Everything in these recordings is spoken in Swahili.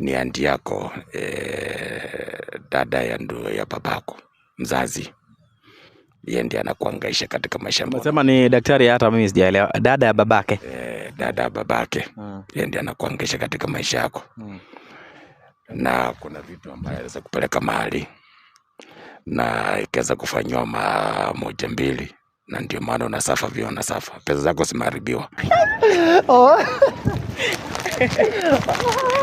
ni anti yako e, dada ya ndo ya babako mzazi yeye ndiye anakuangaisha katika maisha yako. Unasema ni daktari, hata mimi sijaelewa. Dada ya babake e, dada ya babake hmm. yeye ndiye anakuangaisha katika maisha yako hmm. na kuna vitu ambayo anaweza kupeleka mahali na ikaweza kufanyiwa moja mbili, na ndio maana unasafa vio unasafa, pesa zako zimeharibiwa oh.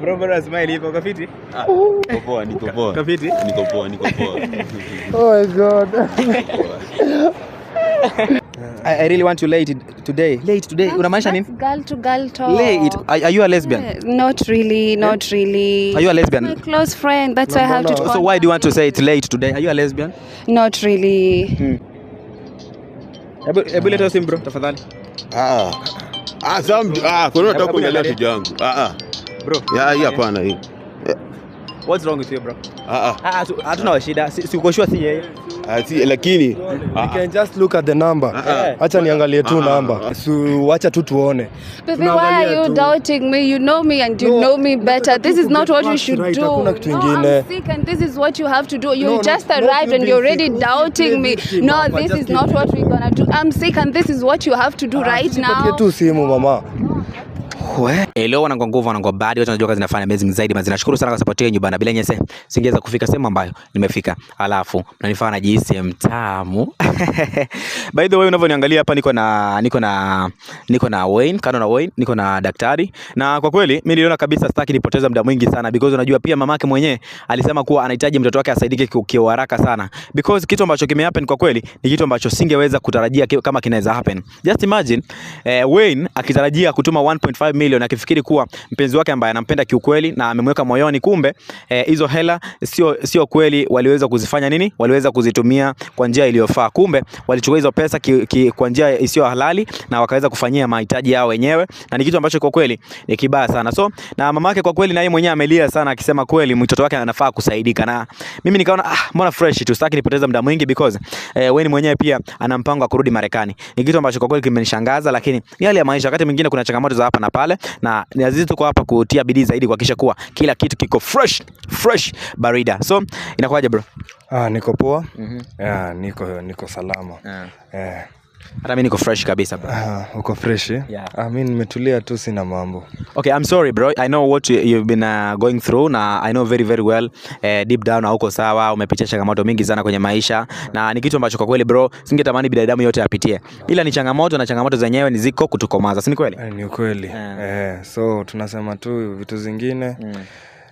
Bro, bro, smile ipo kafiti? Ah, poa, niko poa. Kafiti? Niko poa, niko poa. Oh my god. I, I really want you late today. Late today. Una Unamaanisha nini? Girl to girl talk. Late. Are, are you a lesbian? Eh, not really, not eh? really. Are you a lesbian? My close friend, that's no, why no, I have no. to So why do you want to say it late today? Are you a lesbian? Not really. Hmm. Ebu, hebu leta simu bro, tafadhali. Ah. Ah, Sam, ah, kuna nataka kuongelea kijangu. Ah ah. Bro. Ya hapana hii. What's wrong with you bro? Ah ah. know, ah, ah, ah, shida. Si uko sure si yeye. Uh, si, lakini uh, can just look at the number. Uh, acha niangalie tu number. So acha tu tuone. Baby, why are you doubting me? You know me and you no, know me better. This is not what you should right. do. Hakuna kitu ingine. No, I'm sick and this is what you have to do. You no, just no, arrived and you're already doubting me. No, this is not what we're gonna do. I'm sick and this is what you have to do right now. Tupatie tu simu mama. Hello eh, wana kwa nguvu wana kwa badi, watu wanajua kazi nafanya amazing zaidi mazina. Nashukuru sana kwa support yenu bana, bila nyese singeweza kufika sehemu ambayo nimefika. Alafu mnanifanya na jisi mtamu. By the way, unavyoniangalia hapa niko na niko na niko na Wayne, kano na Wayne niko na daktari, na kwa kweli mimi niliona kabisa sitaki nipoteze muda mwingi sana because unajua pia mamake mwenyewe alisema kuwa anahitaji mtoto wake asaidike kwa haraka sana because kitu ambacho kimehappen kwa kweli ni kitu ambacho singeweza kutarajia kama kinaweza happen. Just imagine eh, Wayne akitarajia kutuma 1.5 milioni akifikiri kuwa mpenzi wake ambaye anampenda kiukweli na amemweka moyoni, kumbe eh, hizo e, hela sio sio kweli, waliweza kuzifanya nini? Waliweza kuzitumia kwa njia iliyofaa. Kumbe walichukua hizo pesa ki, ki, kwa njia isiyo halali na wakaweza kufanyia mahitaji yao wenyewe, na ni kitu ambacho kwa kweli ni kibaya sana. So na mamake kwa kweli na yeye mwenyewe amelia sana, akisema kweli mtoto wake anafaa kusaidika, na mimi nikaona ah, mbona fresh tu, sitaki nipoteze muda mwingi because eh, wewe ni mwenyewe pia ana mpango wa kurudi Marekani. Ni kitu ambacho kwa kweli kimenishangaza, lakini ni hali ya maisha, wakati mwingine kuna changamoto za hapa na pale pale, na Azizi tuko hapa kutia bidii zaidi kuhakikisha kuwa kila kitu kiko fresh fresh barida. So inakuwaje bro? Ah, niko poa. mm -hmm. Yeah, niko niko salama. Yeah. Yeah hata mi niko fresh kabisa bro. Uh, uko fresh eh? yeah. uh, ah, mi nimetulia tu sina mambo okay i'm sorry bro i know what you, you've been uh, going through na i know very very well eh, deep down hauko sawa umepitia changamoto mingi sana kwenye maisha na ni kitu ambacho kwa kweli bro singetamani binadamu yote apitie ila ni changamoto na changamoto zenyewe ni ziko kutukomaza si ni kweli eh, ni kweli yeah. eh, so tunasema tu vitu zingine mm.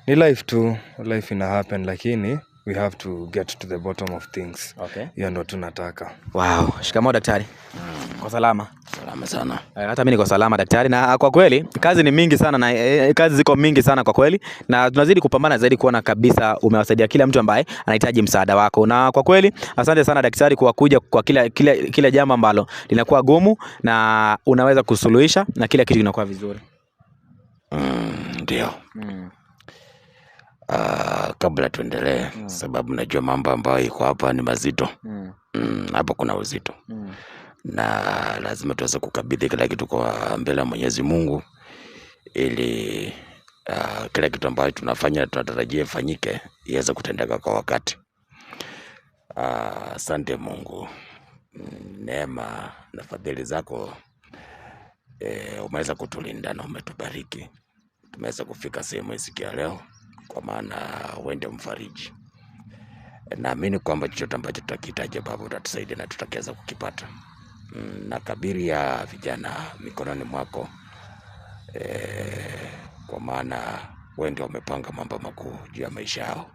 ni life tu life ina happen lakini we have to get to the bottom of things okay. hiyo ndo tunataka wow. shikamo daktari mm. kwa salama salama sana e, hata mi niko salama daktari na ah, kwa kweli kazi ni mingi sana na e, kazi ziko mingi sana kwa kweli na tunazidi kupambana zaidi kuona kabisa umewasaidia kila mtu ambaye anahitaji msaada wako na kwa kweli asante sana daktari kwa kuja kwa kila, kila, kila jambo ambalo linakuwa gumu na unaweza kusuluhisha na kila kitu kinakuwa vizuri mm, ndio mm, mm. Uh, kabla tuendelee mm. Sababu najua mambo ambayo iko hapa ni mazito mm. Mm, hapa kuna uzito mm. Na lazima tuweze kukabidhi kila kitu kwa mbele ya Mwenyezi Mungu ili uh, kila kitu ambayo tunafanya tunatarajia ifanyike iweze kutendeka kwa wakati. Ah, asante uh, Mungu, mm, neema na fadhili zako e, umeweza kutulinda na umetubariki, tumeweza kufika sehemu hii ya leo kwa maana uende mfariji. Naamini kwamba chochote ambacho tutakihitaji Baba utatusaidia na tutakiweza kukipata. Mm, na kabiri ya vijana mikononi mwako e, kwa maana wengi wamepanga mambo makuu juu ya maisha yao,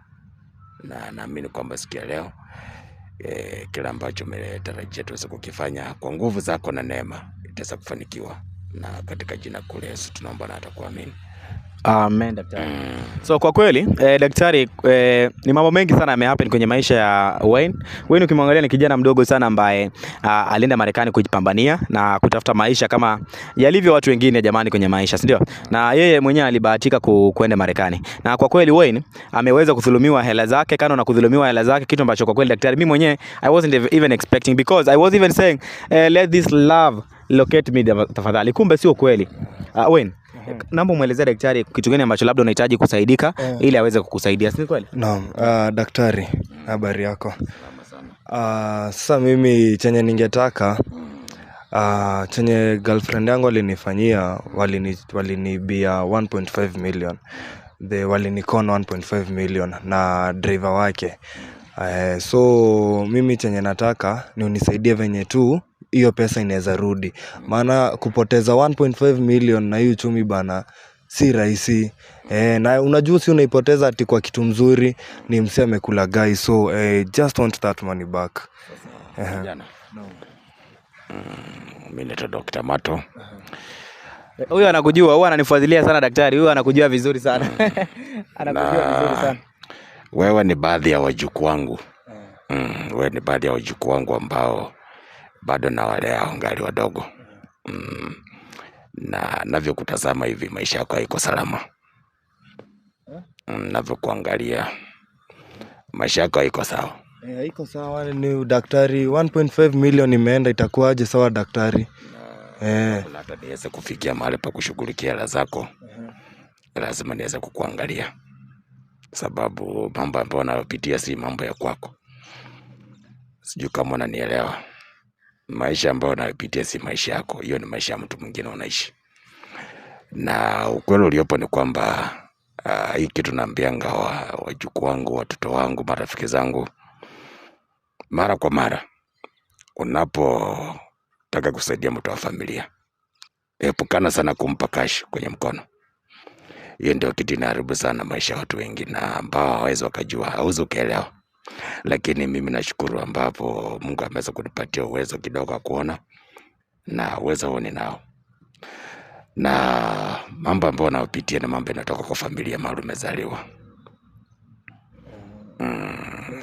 na naamini kwamba siku ya leo e, kila ambacho umetarajia tuweze kukifanya kwa nguvu zako na neema itaweza kufanikiwa, na katika jina kule Yesu tunaomba na atakuamini. Amen, daktari. So kwa kweli eh, daktari eh, ni mambo mengi sana yamehappen kwenye maisha ya Wayne. Wayne ukimwangalia ni kijana mdogo sana ambaye ah, alienda Marekani kujipambania na kutafuta maisha kama yalivyo watu wengine jamani kwenye maisha, si ndio? Na yeye mwenyewe alibahatika ku, kuenda Marekani. Na kwa kweli Wayne ameweza kudhulumiwa hela zake, kano na kudhulumiwa hela zake, kitu ambacho kwa kweli daktari, mimi mwenyewe I wasn't even expecting because I was even saying eh, let this love locate me tafadhali. Kumbe sio kweli. Uh, Wayne Eh, naomba umwelezea daktari kitu gani ambacho labda unahitaji kusaidika yeah. ili aweze kukusaidia, si kweli? Naam. Uh, daktari, mm. habari yako? Uh, sasa mimi chenye ningetaka uh, chenye girlfriend yangu walinifanyia walini, walinibia 1.5 million the walinikon 1.5 million na driver wake uh, so mimi chenye nataka ni unisaidie venye tu hiyo pesa inaweza rudi mm. maana kupoteza 1.5 million na hii uchumi bana si rahisi mm. eh, na unajua si unaipoteza ati kwa kitu mzuri ni msee gai so eh, just want that money back eh. mm, mi naitwa dokta mato huyu anakujua huyu ananifuatilia sana daktari huyu anakujua vizuri sana anakujua vizuri sana wewe ni baadhi ya wajuku wangu mm, wewe ni baadhi ya wajuku wangu ambao bado nawalea ngali wadogo mm, na navyokutazama hivi maisha yako haiko salama mm, navyokuangalia maisha yako haiko sawa eh, haiko e, sawa ni daktari 1.5 million imeenda itakuwaje sawa daktari na, e. hata niweze kufikia mahali pa kushughulikia hela zako uh-huh. lazima niweze kukuangalia sababu mambo ambayo unayopitia si mambo ya kwako sijui kama unanielewa maisha ambayo unayopitia si maisha yako, hiyo ni maisha ya mtu mwingine unaishi. Na ukweli uliopo ni kwamba uh, hii kitu naambianga wa, wajukuu wangu, watoto wangu, marafiki zangu mara kwa mara, unapotaka kusaidia mtu wa familia, epukana sana kumpa kashi kwenye mkono. Hiyo ndio kitu inaharibu sana maisha ya watu wengi, na ambao hawawezi wakajua, hauwezi ukaelewa lakini mimi nashukuru ambapo Mungu ameweza kunipatia uwezo kidogo wa kuona na uwezo huo ninao, na mambo ambayo nayopitia ni mambo inatoka kwa familia mahali umezaliwa. Mm,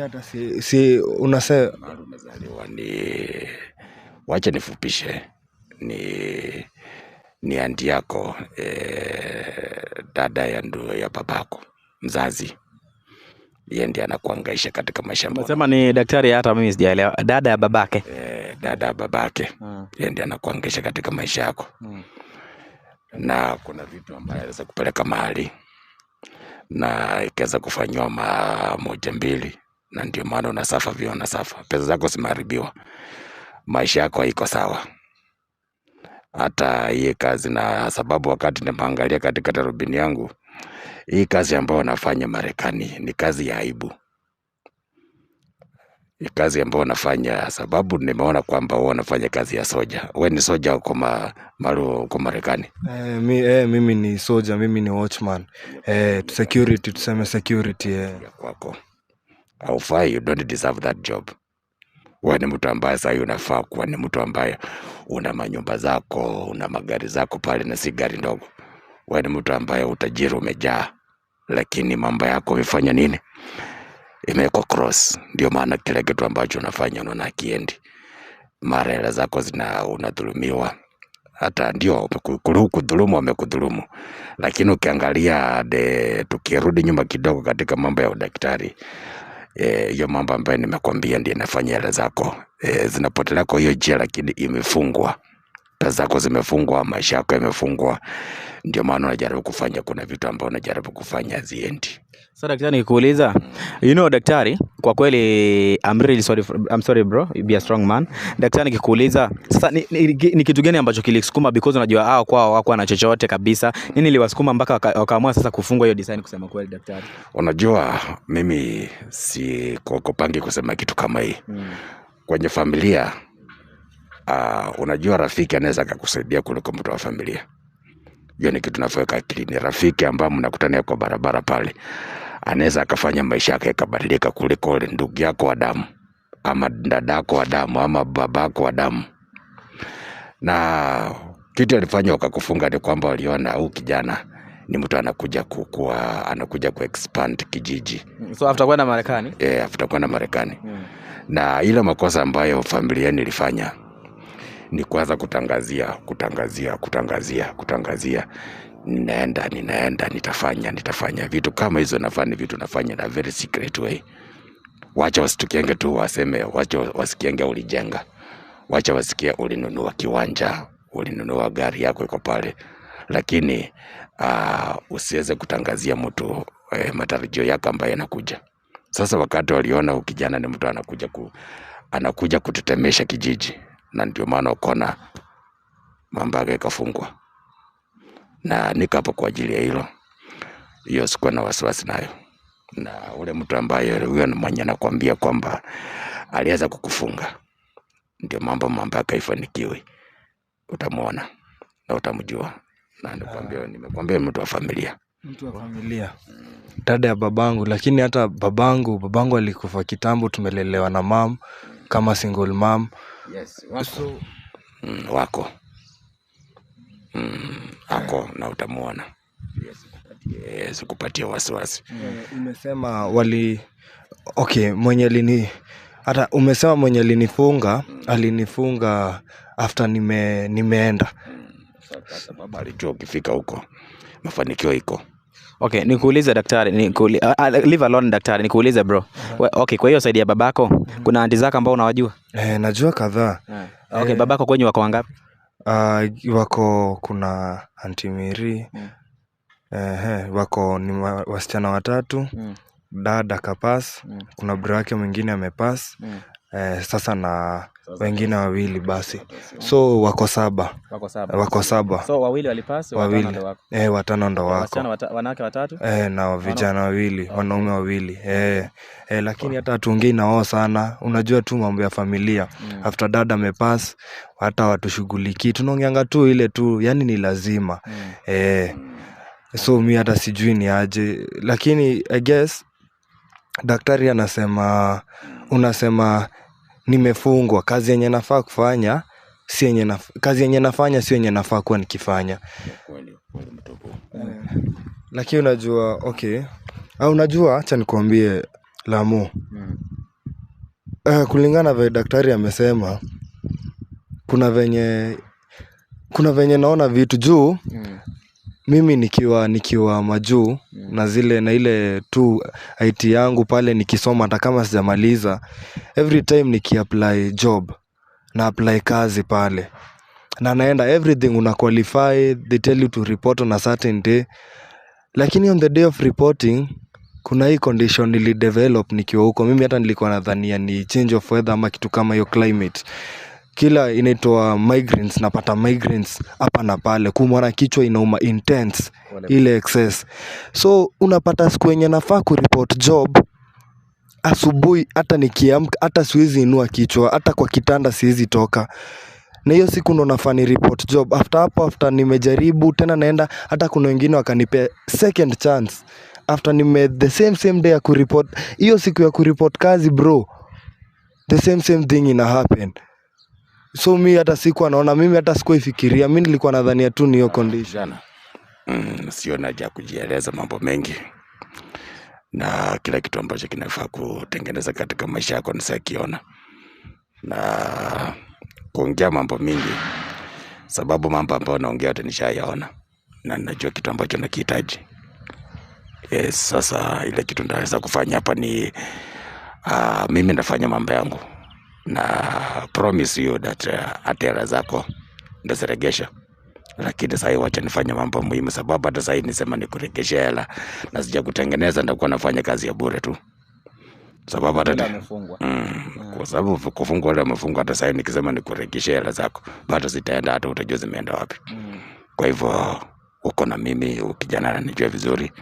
hata si, si unasema mahali umezaliwa ni wacha nifupishe ni ni andi yako e, dada ya ndu ya babako mzazi yeye ndiye anakuangaisha katika maisha. Unasema ni daktari, hata mimi sijaelewa. Dada ya babake e, dada ya babake hmm. yeye ndiye anakuangaisha katika maisha yako hmm. na kuna vitu ambayo anaweza kupeleka mahali na ikaweza kufanyiwa moja mbili, na ndio maana unasafa vio, unasafa, pesa zako zimeharibiwa, maisha yako haiko sawa hata hii kazi na sababu, wakati nimeangalia katika tarubini yangu hii kazi ambayo wanafanya Marekani ni kazi ya aibu. Ni kazi ambayo wanafanya sababu nimeona kwamba wao wanafanya kazi ya soja. We ni soja uko ma, maru uko Marekani? Eh, mi, eh, mimi ni soja, mimi ni watchman. Eh, security tuseme security eh. kwako. Haufai, you don't deserve that job. We ni mtu ambaye sahi unafaa kuwa ni mtu ambaye una manyumba zako, una magari zako pale na si gari ndogo wewe ni mtu ambaye utajiri umejaa, lakini mambo yako umefanya nini? Imeko cross. Ndio maana kile kitu ambacho unafanya unaona kiendi, mara hela zako zina, unadhulumiwa hata ndio kudhulumu, wamekudhulumu, lakini ukiangalia de, tukirudi nyuma kidogo katika mambo ya udaktari e, hiyo e, mambo ambayo nimekwambia ndio inafanya hela zako e, zinapotelea kwa hiyo njia, lakini imefungwa ndoto zako zimefungwa, maisha yako yamefungwa. Ndio maana unajaribu kufanya, kuna vitu ambavyo unajaribu kufanya haziendi. Sasa daktari, nikikuuliza you know, daktari, kwa kweli I'm really sorry, for, I'm sorry bro, you be a strong man. Daktari, nikikuuliza sasa, ni, ni, ni kitu gani ambacho kilisukuma? Because unajua hao kwao hawakuwa na chochote kabisa. Nini liwasukuma mpaka wakaamua sasa kufungwa hiyo design? Kusema kweli daktari, Unajua, mimi si kokopangi kusema kitu kama hii mm. kwenye familia uh, unajua rafiki anaweza akakusaidia kuliko mtu wa familia. Hiyo ni kitu nafoweka akilini. Rafiki ambaye mnakutania kwa barabara pale anaweza akafanya maisha yake yakabadilika kuliko ule ndugu yako wa damu ama dadako wa damu ama babako wa damu. Na kitu alifanya wakakufunga ni kwamba waliona huu kijana ni mtu anakuja kukua, anakuja kuexpand kijiji. So after kwenda Marekani, eh, after kwenda Marekani mm. na ile makosa ambayo familia nilifanya ni kuanza kutangazia kutangazia kutangazia kutangazia ninaenda ninaenda nitafanya nitafanya vitu kama hizo nafani vitu nafanya na very secret way wacha wasitukienge tu waseme wacha wasikienge ulijenga wacha wasikia ulinunua kiwanja ulinunua gari yako iko pale lakini uh, usiweze kutangazia mtu eh, matarajio yako ambayo yanakuja sasa wakati waliona ukijana ni mtu anakuja ku, anakuja kutetemesha kijiji na ndio maana ukona mambo yake ikafungwa, na niko hapo kwa ajili ya hilo. Hiyo sikuwa na wasiwasi nayo, na ule mtu ambaye huyo mwenye anakuambia kwamba alianza kukufunga, ndio mambo mambo yake haifanikiwi, utamwona na utamjua, na nikwambia, ah. nimekwambia mtu wa familia mtu wa familia dada ya babangu, lakini hata babangu babangu alikufa kitambo, tumelelewa na mam kama single mam Yes, wako mm, wako mm, ako na utamwona Yes, kupatia wasiwasi. Mm. Eh, umesema wali okay, mwenye lini hata umesema mwenye alinifunga alinifunga after nime, nimeenda. mm. Sasa baba alijua ukifika huko mafanikio iko Okay, nikuulize daktari, nikuuli, uh, uh, leave alone daktari, nikuulize bro. Uh-huh. Okay, kwa hiyo saidi ya babako uh-huh. kuna anti zako ambao unawajua? Eh, najua kadhaa. Uh-huh. Okay, eh, babako kwenye wako wangapi? Uh, wako kuna anti Miri. Uh-huh. Mm. Eh, wako ni wa, wasichana watatu. Uh-huh. Dada kapas, uh-huh. kuna bro yake mwingine amepas. Uh-huh eh, Sasa na wengine wawili basi So wako saba wako saba So, wawili walipasi, wawili. Eh, watano ndo wako wanawake watatu eh, na vijana wawili wanaume wawili eh, Lakini hata hatuongei na wao sana unajua tu mambo ya familia mm. After dad amepass hata hawatushughulikii tunaongeanga tu ile tu yani ni lazima mm. Mm. So mi hata sijui ni aje lakini I guess daktari anasema unasema nimefungwa kazi yenye nafaa kufanya si yenye kazi yenye nafanya si yenye nafaa kuwa nikifanya eh, lakini unajua okay au ah, unajua acha nikuambie lamu uh, kulingana vile daktari amesema kuna venye kuna venye naona vitu juu mm. Mimi nikiwa nikiwa majuu mm. na zile na ile tu IT yangu pale nikisoma hata kama sijamaliza Every time nikiapply job na apply kazi pale na naenda everything una qualify they tell you to report on a certain day Lakini on the day of reporting kuna hii condition nilidevelop nikiwa huko mimi hata nilikuwa nadhania ni change of weather ama kitu kama hiyo climate kila inaitwa migraines napata migraines hapa na pale kumwana kichwa inauma intense ile excess so unapata siku yenye nafaa kureport job asubuhi hata nikiamka hata siwezi inua kichwa hata kwa kitanda siwezi toka na hiyo siku ndo nafaa ni report job after hapo after nimejaribu tena naenda hata kuna wengine wakanipea second chance after nime the same same day ya kureport hiyo siku ya kureport kazi bro the same same thing ina happen so mi hata sikuwa naona mimi hata sikuifikiria mi nilikuwa nadhania tu ni hiyo condition mm, sio naja kujieleza mambo mengi na kila kitu ambacho kinafaa kutengeneza katika maisha yako nisakiona na kuongea mambo mingi sababu mambo ambayo naongea yote nishayaona na ninajua kitu ambacho nakihitaji yes, sasa ile kitu ndaweza kufanya hapa ni uh, mimi nafanya mambo yangu na promise you that uh, hela zako ndaziregesha lakini sahii wacha nifanye mambo muhimu, sababu hata sahii nisema nikuregeshe hela na sija kutengeneza, ndakuwa nafanya kazi ya bure tu sababu hata mm, mm, kwa sababu kufungwa wale wamefungwa. Hata sahii nikisema nikuregeshe hela zako bado zitaenda, hata utajua zimeenda wapi. Mm. Kwa hivyo uko na mimi ukijana, nanijua vizuri,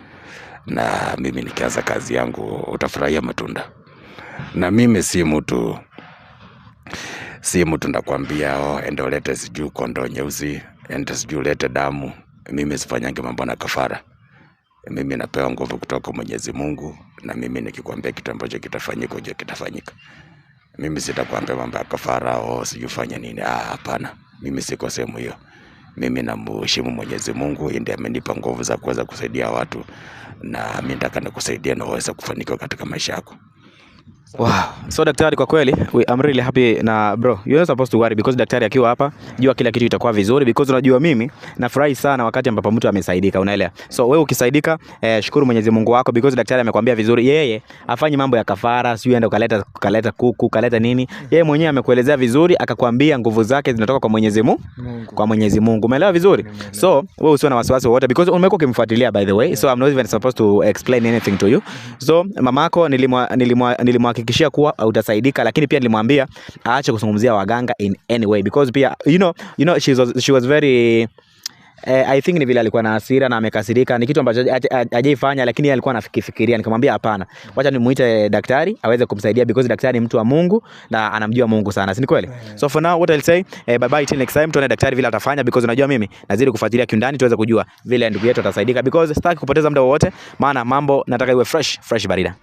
na mimi nikianza kazi yangu utafurahia matunda, na mimi si mtu si mtu ndakwambia, oh, ende ulete sijuu kondo nyeusi, ende sijuu ulete damu. Mimi sifanyange mambo na kafara. Mimi napewa nguvu kutoka Mwenyezi Mungu, na mimi nikikwambia kitu ambacho kitafanyika, ujue kitafanyika. Mimi sitakwambia mambo ya kafara, o oh, sijui fanya nini. Ah, hapana, mimi siko sehemu hiyo. Mimi namuheshimu Mwenyezi Mungu, ndiye amenipa nguvu za kuweza kusaidia watu, na mimi nataka nikusaidia na uweze kufanikiwa katika maisha yako. Wow. So daktari, kwa kweli we, I'm really happy na bro, you're not supposed to worry because daktari akiwa hapa jua kila kitu itakuwa vizuri because unajua mimi nafurahi sana wakati ambapo mtu amesaidika, unaelewa. So wewe ukisaidika, eh, shukuru Mwenyezi Mungu wako because daktari amekwambia vizuri, yeye afanye mambo ya kafara, sio enda ukaleta kaleta kuku kaleta nini, yeye mwenyewe amekuelezea vizuri, akakwambia nguvu zake zinatoka kwa Mwenyezi Mungu, Mungu. kwa Mwenyezi Mungu, umeelewa vizuri. Mungu. So wewe usiwe na wasiwasi wowote because umekuwa ukimfuatilia by the way, Yeah. so I'm not even supposed to explain anything to you. So mamako nilimwa nilimwa nilimwa nilihakikishia kuwa uh, utasaidika, lakini pia nilimwambia aache kuzungumzia waganga in any way because pia you know, you know she was, she was very eh, I think ni vile alikuwa na hasira na amekasirika, ni kitu ambacho hajaifanya, lakini alikuwa anafikiria. Nikamwambia hapana, wacha nimuite daktari aweze kumsaidia because daktari ni mtu wa Mungu na anamjua Mungu sana, si kweli? So for now what I'll say, eh, bye bye till next time, tuone daktari vile atafanya because unajua mimi nazidi kufuatilia kiundani, tuweze kujua vile ndugu yetu atasaidika because sitaki kupoteza muda wowote, maana mambo nataka iwe fresh fresh barida.